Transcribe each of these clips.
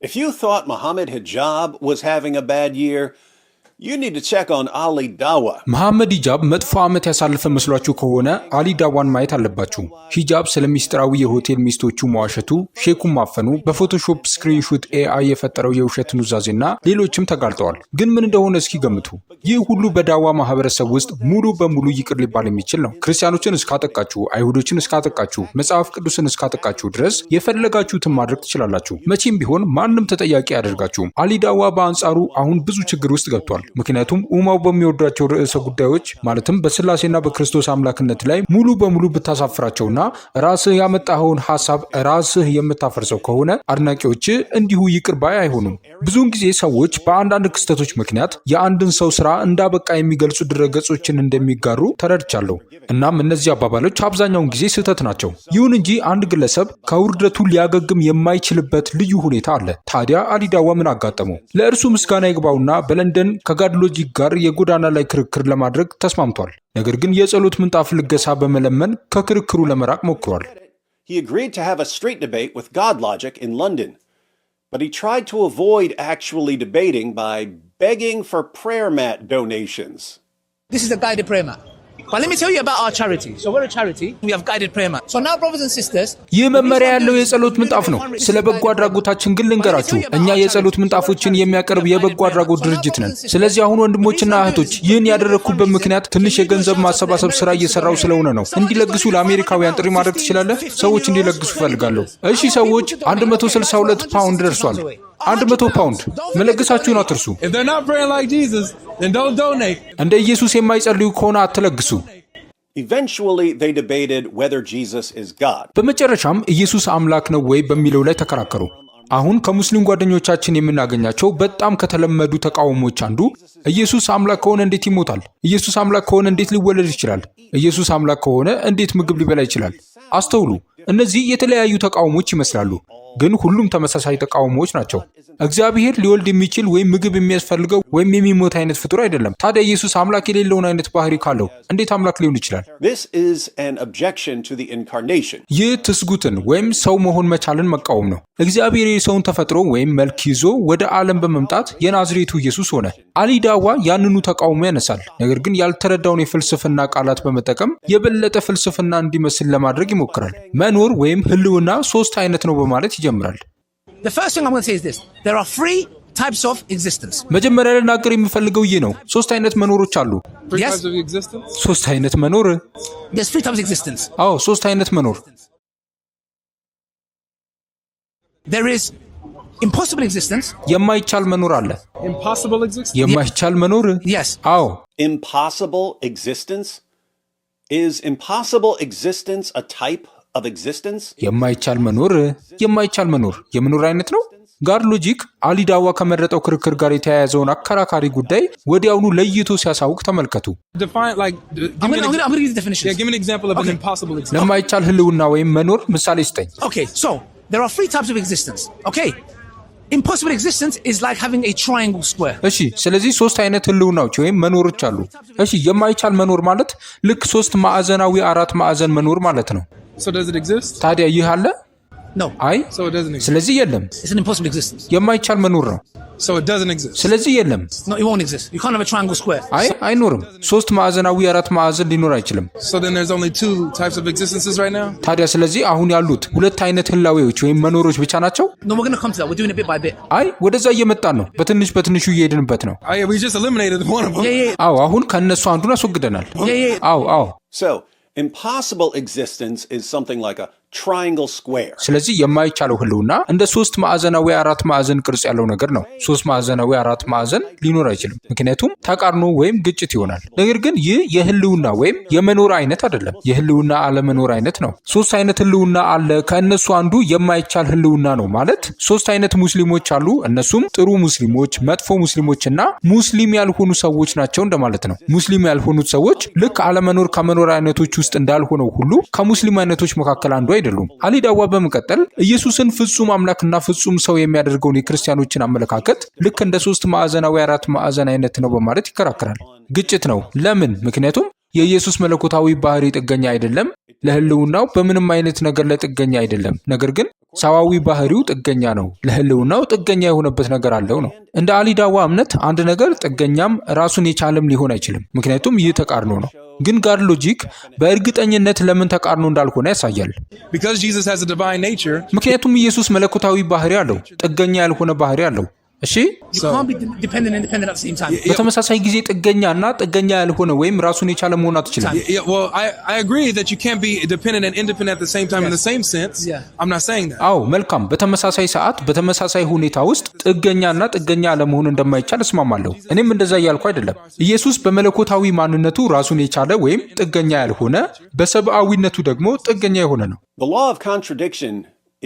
If you thought Mohammed Hijab was having a bad year, መሐመድ ሂጃብ መጥፎ ዓመት ያሳለፈ መስሏችሁ ከሆነ አሊ ዳዋን ማየት አለባችሁ። ሂጃብ ስለ ሚስጥራዊ የሆቴል ሚስቶቹ መዋሸቱ፣ ሼኩን ማፈኑ፣ በፎቶሾፕ ስክሪንሹት ኤአይ የፈጠረው የውሸት ኑዛዜና ሌሎችም ተጋልጠዋል። ግን ምን እንደሆነ እስኪ ገምቱ። ይህ ሁሉ በዳዋ ማህበረሰብ ውስጥ ሙሉ በሙሉ ይቅር ሊባል የሚችል ነው። ክርስቲያኖችን እስካጠቃችሁ፣ አይሁዶችን እስካጠቃችሁ፣ መጽሐፍ ቅዱስን እስካጠቃችሁ ድረስ የፈለጋችሁትን ማድረግ ትችላላችሁ። መቼም ቢሆን ማንም ተጠያቂ አያደርጋችሁም። አሊ ዳዋ በአንጻሩ አሁን ብዙ ችግር ውስጥ ገብቷል። ምክንያቱም ኡማው በሚወዷቸው ርዕሰ ጉዳዮች ማለትም በስላሴና በክርስቶስ አምላክነት ላይ ሙሉ በሙሉ ብታሳፍራቸውና ራስህ ያመጣኸውን ሀሳብ ራስህ የምታፈርሰው ከሆነ አድናቂዎች እንዲሁ ይቅር ባይ አይሆኑም። ብዙውን ጊዜ ሰዎች በአንዳንድ ክስተቶች ምክንያት የአንድን ሰው ስራ እንዳበቃ የሚገልጹ ድረገጾችን እንደሚጋሩ ተረድቻለሁ። እናም እነዚህ አባባሎች አብዛኛውን ጊዜ ስህተት ናቸው። ይሁን እንጂ አንድ ግለሰብ ከውርደቱ ሊያገግም የማይችልበት ልዩ ሁኔታ አለ። ታዲያ አሊዳዋ ምን አጋጠመው? ለእርሱ ምስጋና ይግባውና በለንደን He agreed to have a street debate with God Logic in London, but he tried to avoid actually debating by begging for prayer mat donations. This is a guided prayer mat. But let me tell you about our charity. So we're a charity. We have guided prayer mat. So now brothers and sisters, ይህ መመሪያ ያለው የጸሎት ምንጣፍ ነው። ስለ በጎ አድራጎታችን ግን ልንገራችሁ። እኛ የጸሎት ምንጣፎችን የሚያቀርብ የበጎ አድራጎት ድርጅት ነን። ስለዚህ አሁን ወንድሞችና እህቶች ይህን ያደረግኩበት ምክንያት ትንሽ የገንዘብ ማሰባሰብ ስራ እየሰራው ስለሆነ ነው። እንዲለግሱ ለአሜሪካውያን ጥሪ ማድረግ ትችላለህ? ሰዎች እንዲለግሱ እፈልጋለሁ። እሺ፣ ሰዎች 162 ፓውንድ ደርሷል። አንድ መቶ ፓውንድ መለግሳችሁን አትርሱ። እንደ ኢየሱስ የማይጸልዩ ከሆነ አትለግሱ። በመጨረሻም ኢየሱስ አምላክ ነው ወይ በሚለው ላይ ተከራከሩ። አሁን ከሙስሊም ጓደኞቻችን የምናገኛቸው በጣም ከተለመዱ ተቃውሞች አንዱ ኢየሱስ አምላክ ከሆነ እንዴት ይሞታል? ኢየሱስ አምላክ ከሆነ እንዴት ሊወለድ ይችላል? ኢየሱስ አምላክ ከሆነ እንዴት ምግብ ሊበላ ይችላል? አስተውሉ፣ እነዚህ የተለያዩ ተቃውሞች ይመስላሉ። ግን ሁሉም ተመሳሳይ ተቃውሞዎች ናቸው። እግዚአብሔር ሊወልድ የሚችል ወይም ምግብ የሚያስፈልገው ወይም የሚሞት አይነት ፍጡር አይደለም። ታዲያ ኢየሱስ አምላክ የሌለውን አይነት ባህሪ ካለው እንዴት አምላክ ሊሆን ይችላል? ይህ ትስጉትን ወይም ሰው መሆን መቻልን መቃወም ነው። እግዚአብሔር የሰውን ተፈጥሮ ወይም መልክ ይዞ ወደ ዓለም በመምጣት የናዝሬቱ ኢየሱስ ሆነ። አሊዳዋ ያንኑ ተቃውሞ ያነሳል። ነገር ግን ያልተረዳውን የፍልስፍና ቃላት በመጠቀም የበለጠ ፍልስፍና እንዲመስል ለማድረግ ይሞክራል። መኖር ወይም ህልውና ሶስት አይነት ነው በማለት ይጀምራል። መጀመሪያ ልናገር የምፈልገው ይህ ነው። ሶስት አይነት መኖሮች አሉ። ሶስት አይነት መኖር። አዎ ሶስት አይነት መኖር የማይቻል መኖር አለ። የማይቻል መኖር አዎ። ኢምፖሲብል ኤግዚስተንስ ኢዝ ኢምፖሲብል ኤግዚስተንስ አ ታይፕ የማይቻል መኖር የማይቻል መኖር የመኖር አይነት ነው። ጋር ሎጂክ አሊዳዋ ከመረጠው ክርክር ጋር የተያያዘውን አከራካሪ ጉዳይ ወዲያውኑ ለይቶ ሲያሳውቅ ተመልከቱ። ለማይቻል ህልውና ወይም መኖር ምሳሌ ስጠኝ። እሺ፣ ስለዚህ ሶስት አይነት ህልውናዎች ወይም መኖሮች አሉ። እሺ፣ የማይቻል መኖር ማለት ልክ ሶስት ማዕዘናዊ አራት ማዕዘን መኖር ማለት ነው። ታዲያ ይህ አለ? አይ ስለዚህ የለም። የማይቻል መኖር ነው። ስለዚህ የለም። አይ አይኖርም። ሶስት ማዕዘናዊ አራት ማዕዘን ሊኖር አይችልም። ታዲያ ስለዚህ አሁን ያሉት ሁለት አይነት ህላዌዎች ወይም መኖሮች ብቻ ናቸው። አይ ወደዛ እየመጣን ነው። በትንሽ በትንሹ እየሄድንበት ነው። አዎ አሁን ከእነሱ አንዱን አስወግደናል። አዎ አዎ Impossible existence is something like a ስለዚህ የማይቻለው ህልውና እንደ ሶስት ማዕዘናዊ አራት ማዕዘን ቅርጽ ያለው ነገር ነው። ሶስት ማዕዘናዊ አራት ማዕዘን ሊኖር አይችልም፣ ምክንያቱም ተቃርኖ ወይም ግጭት ይሆናል። ነገር ግን ይህ የህልውና ወይም የመኖር አይነት አይደለም፣ የህልውና አለመኖር አይነት ነው። ሶስት አይነት ህልውና አለ፣ ከእነሱ አንዱ የማይቻል ህልውና ነው ማለት ሶስት አይነት ሙስሊሞች አሉ፣ እነሱም ጥሩ ሙስሊሞች፣ መጥፎ ሙስሊሞች እና ሙስሊም ያልሆኑ ሰዎች ናቸው እንደማለት ነው። ሙስሊም ያልሆኑት ሰዎች ልክ አለመኖር ከመኖር አይነቶች ውስጥ እንዳልሆነው ሁሉ ከሙስሊም አይነቶች መካከል አንዱ አይደለም። አይደሉም። አሊ ዳዋ በመቀጠል ኢየሱስን ፍጹም አምላክና ፍጹም ሰው የሚያደርገውን የክርስቲያኖችን አመለካከት ልክ እንደ ሶስት ማዕዘናዊ አራት ማዕዘን አይነት ነው በማለት ይከራከራል። ግጭት ነው። ለምን? ምክንያቱም የኢየሱስ መለኮታዊ ባህሪ ጥገኛ አይደለም፣ ለህልውናው በምንም አይነት ነገር ላይ ጥገኛ አይደለም። ነገር ግን ሰዋዊ ባህሪው ጥገኛ ነው፣ ለህልውናው ጥገኛ የሆነበት ነገር አለው ነው። እንደ አሊዳዋ እምነት አንድ ነገር ጥገኛም ራሱን የቻለም ሊሆን አይችልም። ምክንያቱም ይህ ተቃርኖ ነው። ግን ጋር ሎጂክ በእርግጠኝነት ለምን ተቃርኖ እንዳልሆነ ያሳያል። ምክንያቱም ኢየሱስ መለኮታዊ ባህሪ አለው፣ ጥገኛ ያልሆነ ባህሪ አለው። እሺ በተመሳሳይ ጊዜ ጥገኛ እና ጥገኛ ያልሆነ ወይም ራሱን የቻለ መሆን አትችልም። መልካም። በተመሳሳይ ሰዓት በተመሳሳይ ሁኔታ ውስጥ ጥገኛ እና ጥገኛ ያለመሆን እንደማይቻል እስማማለሁ። እኔም እንደዛ እያልኩ አይደለም። ኢየሱስ በመለኮታዊ ማንነቱ ራሱን የቻለ ወይም ጥገኛ ያልሆነ፣ በሰብአዊነቱ ደግሞ ጥገኛ የሆነ ነው።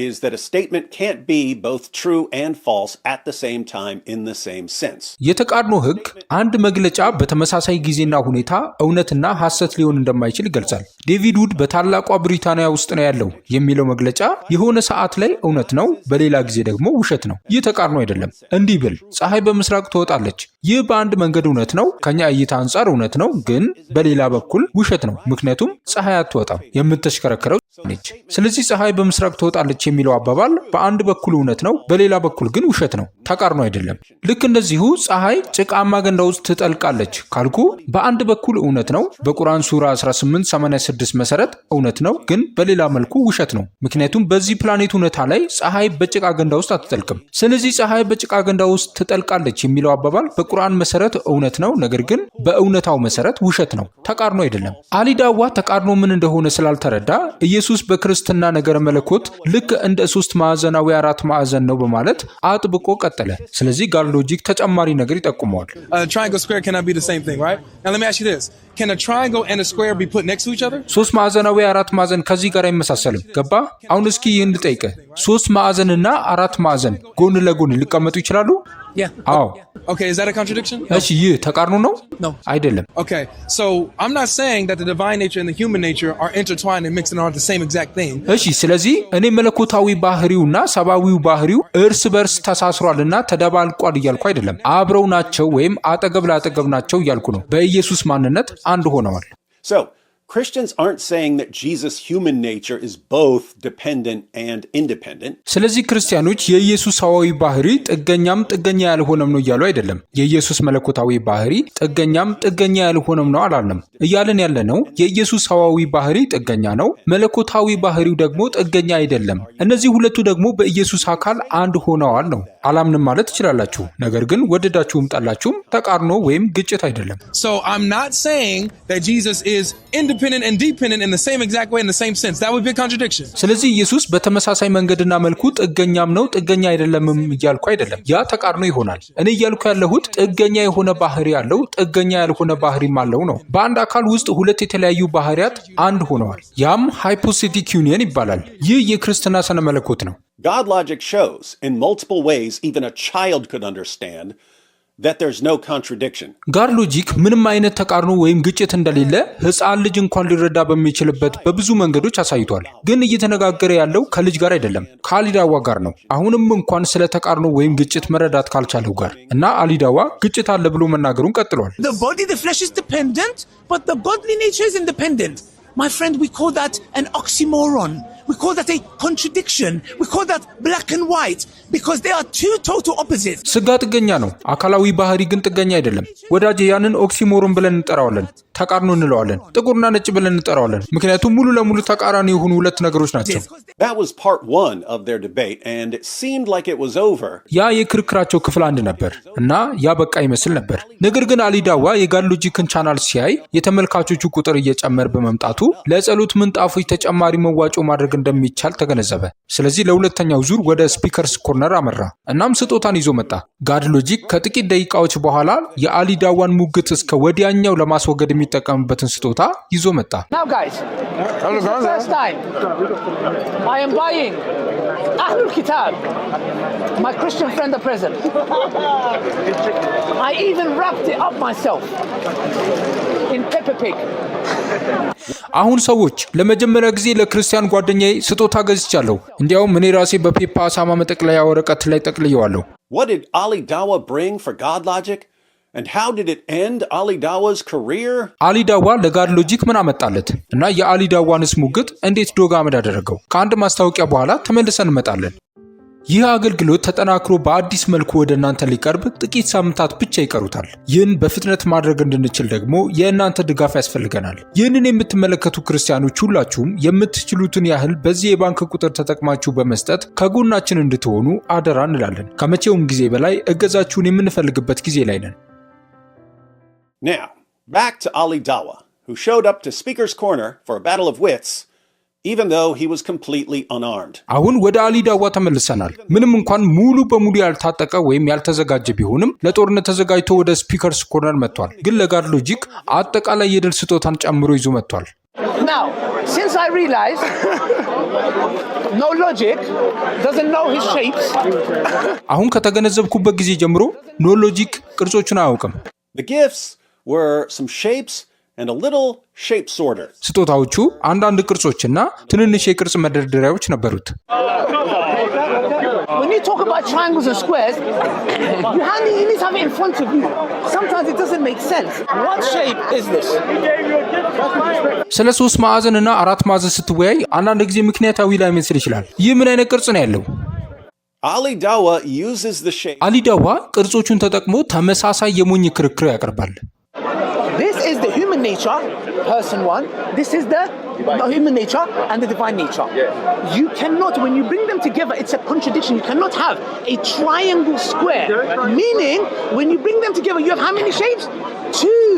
is that a statement can't be both true and false at the same time in the same sense. የተቃርኖ ህግ አንድ መግለጫ በተመሳሳይ ጊዜና ሁኔታ እውነትና ሐሰት ሊሆን እንደማይችል ይገልጻል። ዴቪድ ውድ በታላቋ ብሪታንያ ውስጥ ነው ያለው የሚለው መግለጫ የሆነ ሰዓት ላይ እውነት ነው፣ በሌላ ጊዜ ደግሞ ውሸት ነው። ይህ ተቃርኖ አይደለም። እንዲህ ብል ፀሐይ በምስራቅ ትወጣለች። ይህ በአንድ መንገድ እውነት ነው፣ ከኛ እይታ አንጻር እውነት ነው፣ ግን በሌላ በኩል ውሸት ነው። ምክንያቱም ፀሐይ አትወጣም፣ የምትሽከረከረው ነች። ስለዚህ ፀሐይ በምስራቅ ትወጣለች የሚለው አባባል በአንድ በኩል እውነት ነው፣ በሌላ በኩል ግን ውሸት ነው። ተቃርኖ አይደለም። ልክ እንደዚሁ ፀሐይ ጭቃማ ገንዳ ውስጥ ትጠልቃለች ካልኩ በአንድ በኩል እውነት ነው፣ በቁርአን ሱራ 1886 መሰረት እውነት ነው፣ ግን በሌላ መልኩ ውሸት ነው። ምክንያቱም በዚህ ፕላኔት እውነታ ላይ ፀሐይ በጭቃ ገንዳ ውስጥ አትጠልቅም። ስለዚህ ፀሐይ በጭቃ ገንዳ ውስጥ ትጠልቃለች የሚለው አባባል በቁርአን መሰረት እውነት ነው፣ ነገር ግን በእውነታው መሰረት ውሸት ነው፣ ተቃርኖ አይደለም። አሊዳዋ ተቃርኖ ምን እንደሆነ ስላልተረዳ ኢየሱስ በክርስትና ነገረ መለኮት ልክ እንደ ሶስት ማዕዘናዊ አራት ማዕዘን ነው በማለት አጥብቆ ቀጥ ቀጠለ። ስለዚህ ጋር ሎጂክ ተጨማሪ ነገር ይጠቁመዋል። uh, ሶስት ማዕዘናዊ አራት ማዕዘን ከዚህ ጋር አይመሳሰልም። ገባ? አሁን እስኪ ይህን ልጠይቅህ። ሶስት ማዕዘንና አራት ማዕዘን ጎን ለጎን ሊቀመጡ ይችላሉ? አዎ እሺ ይህ ተቃርኖ ነው አይደለም። እሺ ስለዚህ እኔ መለኮታዊ ባህሪውና ሰብአዊው ባህሪው እርስ በርስ ተሳስሯልና ተደባልቋል እያልኩ አይደለም። አብረው ናቸው ወይም አጠገብ ለአጠገብ ናቸው እያልኩ ነው። በኢየሱስ ማንነት አንድ ሆነዋል። ክርስቲያንስ aren't saying that Jesus human nature is both dependent and independent። ስለዚህ ክርስቲያኖች የኢየሱስ የኢየሱሳዊ ባህሪ ጥገኛም ጥገኛ ያልሆነም ነው እያሉ አይደለም። የኢየሱስ መለኮታዊ ባህሪ ጥገኛም ጥገኛ ያልሆነም ነው አላልንም። እያለን ያለ ነው የኢየሱሳዊ ባህሪ ጥገኛ ነው፣ መለኮታዊ ባህሪው ደግሞ ጥገኛ አይደለም። እነዚህ ሁለቱ ደግሞ በኢየሱስ አካል አንድ ሆነዋል ነው። አላምንም ማለት ትችላላችሁ። ነገር ግን ወደዳችሁም ጠላችሁም ተቃርኖ ወይም ግጭት አይደለም። So I'm not saying that Jesus is ስለዚህ ኢየሱስ በተመሳሳይ መንገድና መልኩ ጥገኛም ነው ጥገኛ አይደለምም እያልኩ አይደለም። ያ ተቃርኖ ይሆናል። እኔ እያልኩ ያለሁት ጥገኛ የሆነ ባህሪ ያለው ጥገኛ ያልሆነ ባህሪም አለው ነው። በአንድ አካል ውስጥ ሁለት የተለያዩ ባህሪያት አንድ ሆነዋል። ያም ሃይፖስቲክ ዩኒየን ይባላል። ይህ የክርስትና ስነ መለኮት ነው። God logic shows in multiple ways even a child could understand ጋር ሎጂክ ምንም አይነት ተቃርኖ ወይም ግጭት እንደሌለ ህፃን ልጅ እንኳን ሊረዳ በሚችልበት በብዙ መንገዶች አሳይቷል። ግን እየተነጋገረ ያለው ከልጅ ጋር አይደለም፣ ከአሊዳዋ ጋር ነው። አሁንም እንኳን ስለ ተቃርኖ ወይም ግጭት መረዳት ካልቻለው ጋር እና አሊዳዋ ግጭት አለ ብሎ መናገሩን ቀጥሏል። My friend, we We call that a contradiction. We call that black and white because they are two total opposites. ስጋ ጥገኛ ነው፣ አካላዊ ባህሪ ግን ጥገኛ አይደለም። ወዳጅ ያንን ኦክሲሞሮን ብለን እንጠራዋለን፣ ተቃርኖ እንለዋለን። ጥቁርና ነጭ ብለን እንጠራዋለን፣ ምክንያቱም ሙሉ ለሙሉ ተቃራኒ የሆኑ ሁለት ነገሮች ናቸው። ያ የክርክራቸው ክፍል አንድ ነበር እና ያ በቃ ይመስል ነበር። ነገር ግን አሊዳዋ የጋሎጂክን ቻናል ሲያይ የተመልካቾቹ ቁጥር እየጨመረ በመምጣቱ ለጸሎት ምንጣፎች ተጨማሪ መዋጮ ማድረግ እንደሚቻል ተገነዘበ። ስለዚህ ለሁለተኛው ዙር ወደ ስፒከርስ ኮርነር አመራ። እናም ስጦታን ይዞ መጣ። ጋድ ሎጂክ ከጥቂት ደቂቃዎች በኋላ የአሊዳዋን ሙግት እስከ ወዲያኛው ለማስወገድ የሚጠቀምበትን ስጦታ ይዞ መጣ። አሁን ሰዎች ለመጀመሪያ ጊዜ ለክርስቲያን ጓደኛ ስጦታ ገዝቻለሁ። እንዲያውም እኔ ራሴ በፔፓ አሳማ መጠቅለያ ወረቀት ላይ ጠቅልየዋለሁ። አሊዳዋ ለጋድ ሎጂክ ምን አመጣለት? እና ዳዋንስ ሙግት እንዴት ዶግ አመድ አደረገው? ከአንድ ማስታወቂያ በኋላ ተመልሰን እንመጣለን። ይህ አገልግሎት ተጠናክሮ በአዲስ መልኩ ወደ እናንተ ሊቀርብ ጥቂት ሳምንታት ብቻ ይቀሩታል። ይህን በፍጥነት ማድረግ እንድንችል ደግሞ የእናንተ ድጋፍ ያስፈልገናል። ይህንን የምትመለከቱ ክርስቲያኖች ሁላችሁም የምትችሉትን ያህል በዚህ የባንክ ቁጥር ተጠቅማችሁ በመስጠት ከጎናችን እንድትሆኑ አደራ እንላለን። ከመቼውም ጊዜ በላይ እገዛችሁን የምንፈልግበት ጊዜ ላይ ነን። Now, back to Ali Dawa, who showed up to Speaker's Corner for a battle of wits አሁን ወደ አሊዳዋ ተመልሰናል። ምንም እንኳን ሙሉ በሙሉ ያልታጠቀ ወይም ያልተዘጋጀ ቢሆንም ለጦርነት ተዘጋጅቶ ወደ ስፒከርስ ኮርነር መጥቷል። ግን ለጋድ ሎጂክ አጠቃላይ የድል ስጦታን ጨምሮ ይዞ መጥቷል። አሁን ከተገነዘብኩበት ጊዜ ጀምሮ ኖ ሎጂክ ቅርጾቹን አያውቅም። ስጦታዎቹ አንዳንድ ቅርጾችና ትንንሽ የቅርጽ መደርደሪያዎች ነበሩት። ስለ ሶስት ማዕዘን እና አራት ማዕዘን ስትወያይ አንዳንድ ጊዜ ምክንያታዊ ላይመስል ይችላል። ይህ ምን አይነት ቅርጽ ነው ያለው? አሊ ዳዋ ቅርጾቹን ተጠቅሞ ተመሳሳይ የሞኝ ክርክር ያቀርባል። This is the human nature, person one. This is the divine. human nature and the divine nature. Yes. You cannot, when you bring them together, it's a contradiction. You cannot have a triangle square. Meaning, when you bring them together, you have how many shapes? Two.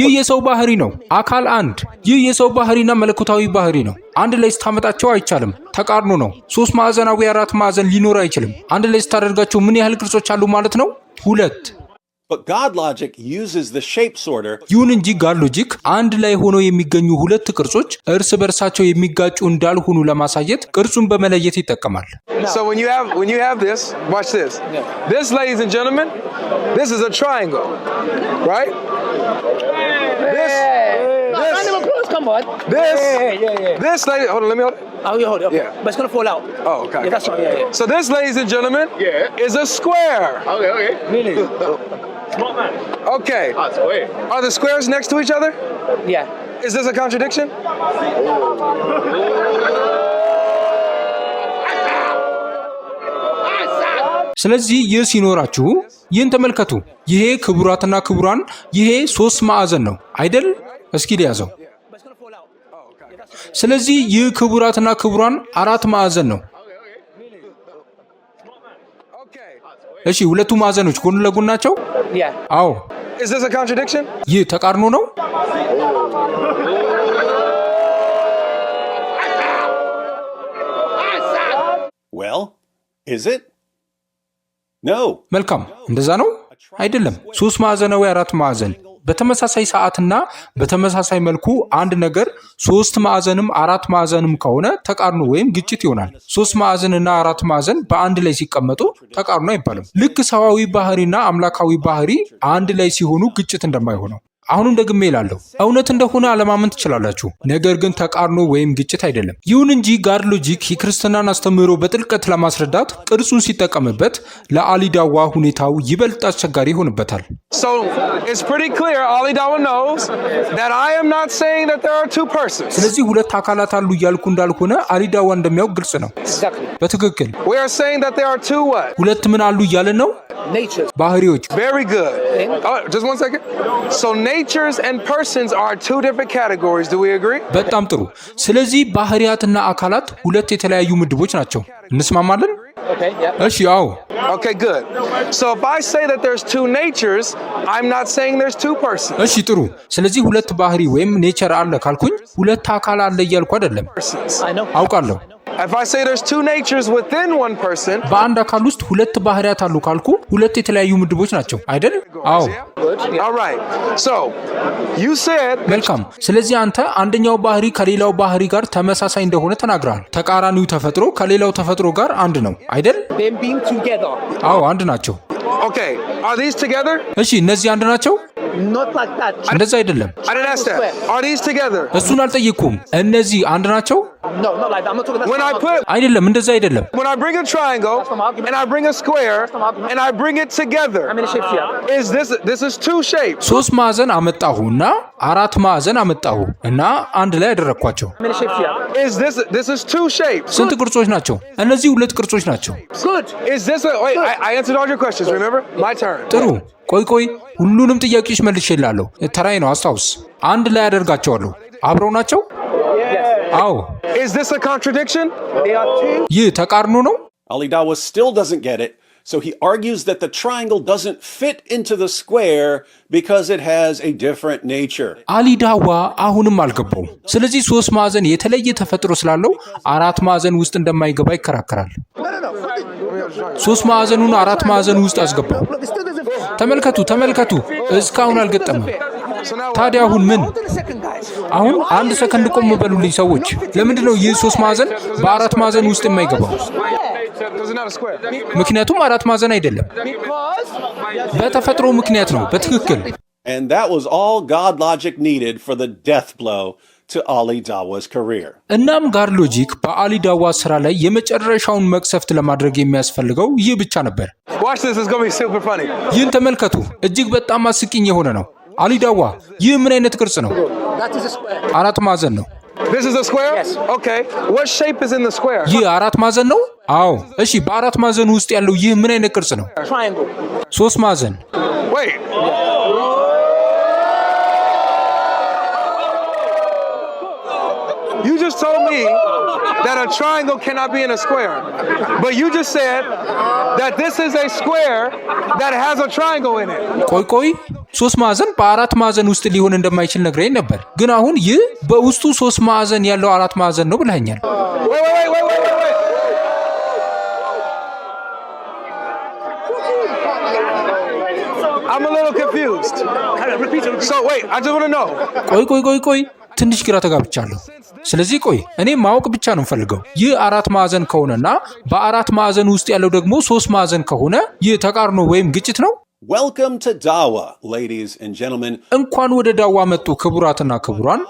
ይህ የሰው ባህሪ ነው። አካል አንድ። ይህ የሰው ባህሪና መለኮታዊ ባህሪ ነው። አንድ ላይ ስታመጣቸው አይቻልም። ተቃርኖ ነው። ሶስት ማዕዘናዊ አራት ማዕዘን ሊኖር አይችልም። አንድ ላይ ስታደርጋቸው ምን ያህል ቅርጾች አሉ ማለት ነው? ሁለት ይሁን እንጂ ጋድ ሎጂክ አንድ ላይ ሆነው የሚገኙ ሁለት ቅርጾች እርስ በርሳቸው የሚጋጩ እንዳልሆኑ ለማሳየት ቅርጹን በመለየት ይጠቀማል። come on. This? Yeah, yeah, yeah. yeah. This lady, hold on, let me hold it. Oh, you hold it. Okay. Yeah. But it's gonna fall out. Oh, okay. Yeah, that's right. yeah, yeah. So this, ladies and gentlemen, yeah. is a square. Okay, okay. Really? Smart man. Okay. Ah, weird. Are the squares next to each other? Yeah. Is this a contradiction? ስለዚህ ይህ ሲኖራችሁ ይህን ተመልከቱ። ይሄ ክቡራትና ክቡራን፣ ይሄ ሶስት ማዕዘን ነው አይደል? እስኪ ሊያዘው ስለዚህ ይህ ክቡራትና ክቡራን አራት ማዕዘን ነው። እሺ ሁለቱ ማዕዘኖች ጎን ለጎን ናቸው። አዎ። ይህ ተቃርኖ ነው? መልካም እንደዛ ነው አይደለም። ሶስት ማዕዘናዊ አራት ማዕዘን በተመሳሳይ ሰዓትና በተመሳሳይ መልኩ አንድ ነገር ሶስት ማዕዘንም አራት ማዕዘንም ከሆነ ተቃርኖ ወይም ግጭት ይሆናል። ሶስት ማዕዘንና አራት ማዕዘን በአንድ ላይ ሲቀመጡ ተቃርኖ አይባልም። ልክ ሰዋዊ ባህሪና አምላካዊ ባህሪ አንድ ላይ ሲሆኑ ግጭት እንደማይሆነው አሁንም ደግሜ እላለሁ፣ እውነት እንደሆነ አለማመን ትችላላችሁ። ነገር ግን ተቃርኖ ወይም ግጭት አይደለም። ይሁን እንጂ ጋር ሎጂክ የክርስትናን አስተምህሮ በጥልቀት ለማስረዳት ቅርጹን ሲጠቀምበት ለአሊዳዋ ሁኔታው ይበልጥ አስቸጋሪ ይሆንበታል። ስለዚህ ሁለት አካላት አሉ እያልኩ እንዳልሆነ አሊዳዋ እንደሚያውቅ ግልጽ ነው። በትክክል ሁለት ምን አሉ እያለ ነው? ባህሪዎች በጣም ጥሩ። ስለዚህ ባህሪያትና አካላት ሁለት የተለያዩ ምድቦች ናቸው። እንስማማለን? እሺ፣ አዎ። እሺ፣ ጥሩ። ስለዚህ ሁለት ባህሪ ወይም ኔቸር አለ ካልኩኝ ሁለት አካል አለ እያልኩ አይደለም። አውቃለሁ በአንድ አካል ውስጥ ሁለት ባህሪያት አሉ ካልኩ ሁለት የተለያዩ ምድቦች ናቸው አይደል? አዎ። መልካም። ስለዚህ አንተ አንደኛው ባህሪ ከሌላው ባህሪ ጋር ተመሳሳይ እንደሆነ ተናግረሃል። ተቃራኒው ተፈጥሮ ከሌላው ተፈጥሮ ጋር አንድ ነው አይደል? አዎ፣ አንድ ናቸው። እሺ እነዚህ አንድ ናቸው? እንደዛ አይደለም። እሱን አልጠየቅኩም። እነዚህ አንድ ናቸው አይደለም፣ እንደዛ አይደለም። ሶስት ማዕዘን አመጣሁ እና አራት ማዕዘን አመጣሁ እና አንድ ላይ አደረግኳቸው። ስንት ቅርጾች ናቸው? እነዚህ ሁለት ቅርጾች ናቸው። ጥሩ። ቆይ ቆይ፣ ሁሉንም ጥያቄዎች መልሼልሃለሁ። ተራይ ነው፣ አስታውስ። አንድ ላይ አደርጋቸዋለሁ። አብረው ናቸው። አዎ። ይህ ተቃርኖ ነው። አሊዳዋ still doesn't get it, so he argues that the triangle doesn't fit into the square because it has a different nature. አሊዳዋ አሁንም አልገባውም። ስለዚህ ሶስት ማዕዘን የተለየ ተፈጥሮ ስላለው አራት ማዕዘን ውስጥ እንደማይገባ ይከራከራል። ሶስት ማዕዘኑን አራት ማዕዘኑ ውስጥ አስገባው። ተመልከቱ ተመልከቱ፣ እስካሁን አልገጠመም። ታዲያ አሁን ምን? አሁን አንድ ሰከንድ ቆም በሉልኝ ሰዎች። ለምንድን ነው ይህ ሶስት ማዕዘን በአራት ማዕዘን ውስጥ የማይገባው? ምክንያቱም አራት ማዕዘን አይደለም፣ በተፈጥሮ ምክንያት ነው። በትክክል And that was all God logic needed for the death blow እናም ሎጂክ በአሊ ዳዋ ስራ ላይ የመጨረሻውን መቅሰፍት ለማድረግ የሚያስፈልገው ይህ ብቻ ነበር። ይህን ተመልከቱ፣ እጅግ በጣም አስቂኝ የሆነ ነው። አሊ ዳዋ፣ ይህ ምን አይነት ቅርጽ ነው? አራት ማዕዘን ነው። ይህ አራት ማዕዘን ነው። አዎ፣ እሺ። በአራት ማዘን ውስጥ ያለው ይህ ምን አይነት ቅርጽ ነው? ሶስት ማዕዘን You just told me that a triangle cannot be in a square. But you just said that this is a square that has a triangle in it. ቆይ ቆይ ሶስት ማዕዘን በአራት ማዕዘን ውስጥ ሊሆን እንደማይችል ነግረኝ ነበር፣ ግን አሁን ይህ በውስጡ ሶስት ማዕዘን ያለው አራት ማዕዘን ነው ብለኛል። ቆይ ቆይ ቆይ ቆይ ትንሽ ግራ ተጋብቻለሁ። ስለዚህ ቆይ እኔ ማወቅ ብቻ ነው የምፈልገው። ይህ አራት ማዕዘን ከሆነና በአራት ማዕዘን ውስጥ ያለው ደግሞ ሶስት ማዕዘን ከሆነ ይህ ተቃርኖ ወይም ግጭት ነው እንኳን ወደ ዳዋ መጡ። ክቡራትና ክቡራን፣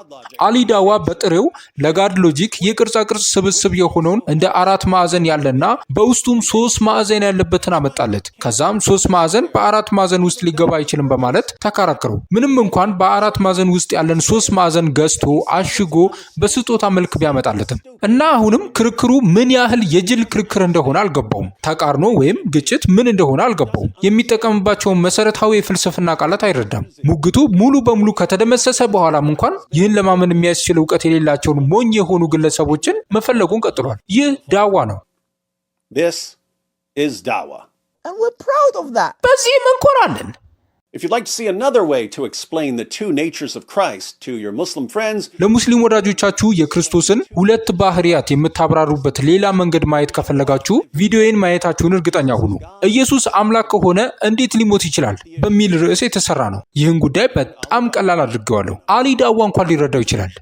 አሊ ዳዋ በጥሬው ለጋድ ሎጂክ የቅርጻ ቅርጽ ስብስብ የሆነውን እንደ አራት ማዕዘን ያለና በውስጡም ሶስት ማዕዘን ያለበትን አመጣለት። ከዛም ሶስት ማዕዘን በአራት ማዕዘን ውስጥ ሊገባ አይችልም በማለት ተከራከሩ። ምንም እንኳን በአራት ማዕዘን ውስጥ ያለን ሶስት ማዕዘን ገዝቶ አሽጎ በስጦታ መልክ ቢያመጣለትም እና አሁንም ክርክሩ ምን ያህል የጅል ክርክር እንደሆነ አልገባውም። ተቃርኖ ወይም ግጭት ምን እንደሆነ አልገባውም። የሚጠቀምባቸው የሚያስተምራቸውን መሰረታዊ የፍልስፍና ቃላት አይረዳም። ሙግቱ ሙሉ በሙሉ ከተደመሰሰ በኋላም እንኳን ይህን ለማመን የሚያስችል እውቀት የሌላቸውን ሞኝ የሆኑ ግለሰቦችን መፈለጉን ቀጥሏል። ይህ ዳዋ ነው። በዚህም እንኮራለን። ለሙስሊም ወዳጆቻችሁ የክርስቶስን ሁለት ባህሪያት የምታብራሩበት ሌላ መንገድ ማየት ከፈለጋችሁ ቪዲዮዬን ማየታችሁን እርግጠኛ ሁኑ። ኢየሱስ አምላክ ከሆነ እንዴት ሊሞት ይችላል? በሚል ርዕስ የተሰራ ነው። ይህን ጉዳይ በጣም ቀላል አድርጌዋለሁ። አሊ ዳዋ እንኳን ሊረዳው ይችላል።